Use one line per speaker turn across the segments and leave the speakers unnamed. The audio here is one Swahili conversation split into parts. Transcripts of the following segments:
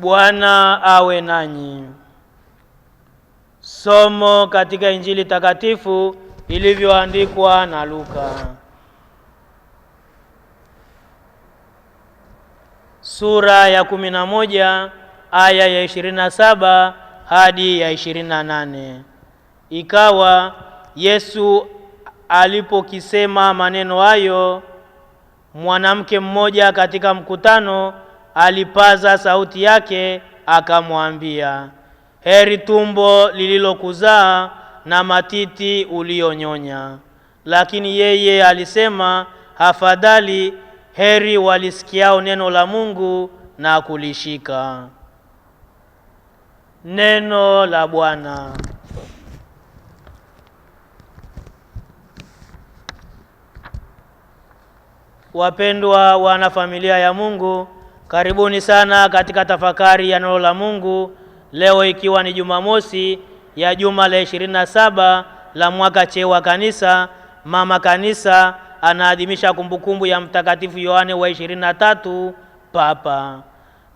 Bwana awe nanyi. Somo katika Injili takatifu ilivyoandikwa na Luka. Sura ya kumi na moja aya ya ishirini na saba hadi ya ishirini na nane. Ikawa Yesu alipokisema maneno hayo, mwanamke mmoja katika mkutano alipaza sauti yake akamwambia, heri tumbo lililokuzaa na matiti ulionyonya Lakini yeye alisema, hafadhali heri walisikiao neno la Mungu na kulishika. Neno la Bwana. Wapendwa wana familia ya Mungu Karibuni sana katika tafakari ya neno la Mungu leo, ikiwa ni Jumamosi ya juma la ishirini na saba la mwaka C wa Kanisa. Mama Kanisa anaadhimisha kumbukumbu ya Mtakatifu Yohane wa ishirini na tatu Papa.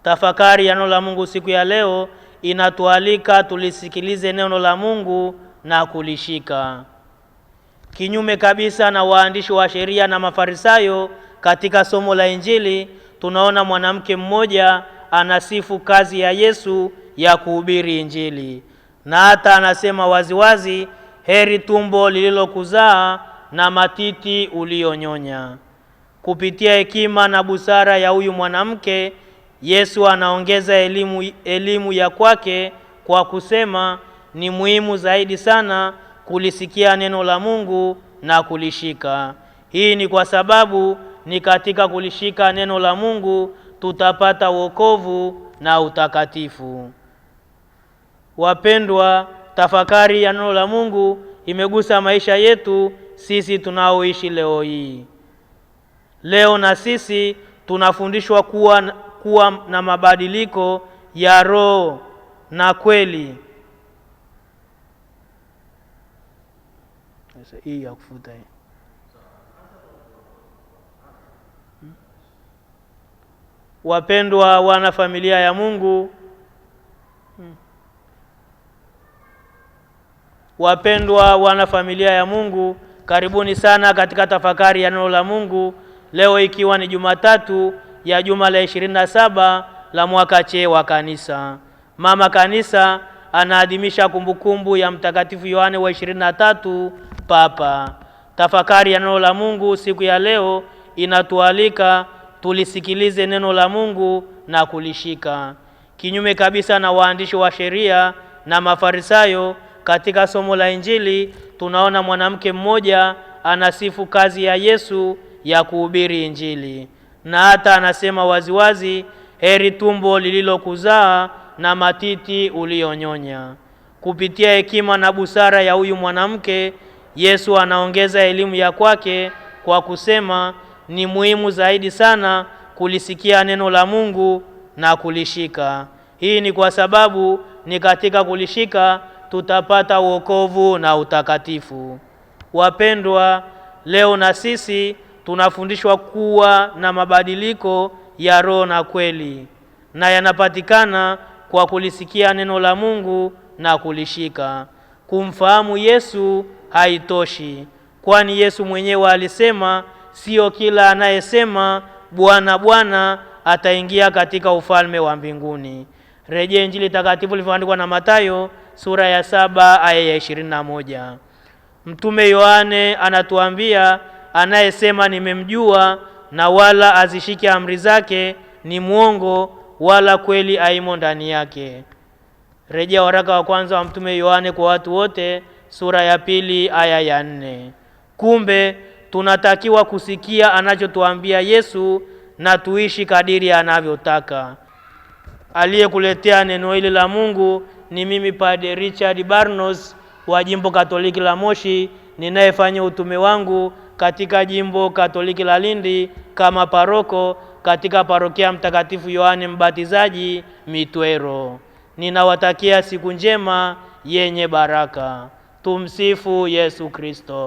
Tafakari ya neno la Mungu siku ya leo inatualika tulisikilize neno la Mungu na kulishika, kinyume kabisa na waandishi wa sheria na Mafarisayo. Katika somo la Injili tunaona mwanamke mmoja anasifu kazi ya Yesu ya kuhubiri Injili, na hata anasema waziwazi, heri tumbo lililokuzaa na matiti uliyonyonya. Kupitia hekima na busara ya huyu mwanamke, Yesu anaongeza elimu, elimu ya kwake kwa kusema ni muhimu zaidi sana kulisikia neno la Mungu na kulishika. Hii ni kwa sababu ni katika kulishika neno la Mungu tutapata wokovu na utakatifu. Wapendwa, tafakari ya neno la Mungu imegusa maisha yetu sisi tunaoishi leo hii. Leo na sisi tunafundishwa kuwa, kuwa na mabadiliko ya roho na kweli. Hii ya kufuta hii Wapendwa wana familia ya Mungu, wapendwa wana familia ya Mungu, karibuni sana katika tafakari ya neno la Mungu leo, ikiwa ni Jumatatu ya juma la ishirini na saba la mwaka C wa Kanisa. Mama Kanisa anaadhimisha kumbukumbu ya Mtakatifu Yohane wa ishirini na tatu Papa. Tafakari ya neno la Mungu siku ya leo inatualika tulisikilize neno la Mungu na kulishika, kinyume kabisa na waandishi wa sheria na Mafarisayo. Katika somo la Injili tunaona mwanamke mmoja anasifu kazi ya Yesu ya kuhubiri Injili, na hata anasema waziwazi, heri tumbo lililokuzaa na matiti uliyonyonya. Kupitia hekima na busara ya huyu mwanamke, Yesu anaongeza elimu ya kwake kwa kusema ni muhimu zaidi sana kulisikia neno la Mungu na kulishika. Hii ni kwa sababu ni katika kulishika tutapata wokovu na utakatifu. Wapendwa, leo na sisi tunafundishwa kuwa na mabadiliko ya roho na kweli, na yanapatikana kwa kulisikia neno la Mungu na kulishika. Kumfahamu Yesu haitoshi, kwani Yesu mwenyewe alisema sio kila anayesema Bwana Bwana ataingia katika ufalme wa mbinguni. Rejea Injili takatifu ilivyoandikwa na Mathayo sura ya saba aya ya ishirini na moja. Mtume Yohane anatuambia anayesema nimemjua na wala azishike amri zake ni mwongo, wala kweli aimo ndani yake. Rejea waraka wa kwanza wa Mtume Yohane kwa watu wote sura ya pili aya ya nne. Kumbe tunatakiwa kusikia anachotuambia Yesu na tuishi kadiri anavyotaka. Aliyekuletea neno hili la Mungu ni mimi Padre Richard Barnos wa Jimbo Katoliki la Moshi ninayefanya utume wangu katika Jimbo Katoliki la Lindi kama paroko katika parokia Mtakatifu Yohane Mbatizaji Mitwero. Ninawatakia siku njema yenye baraka. Tumsifu Yesu Kristo.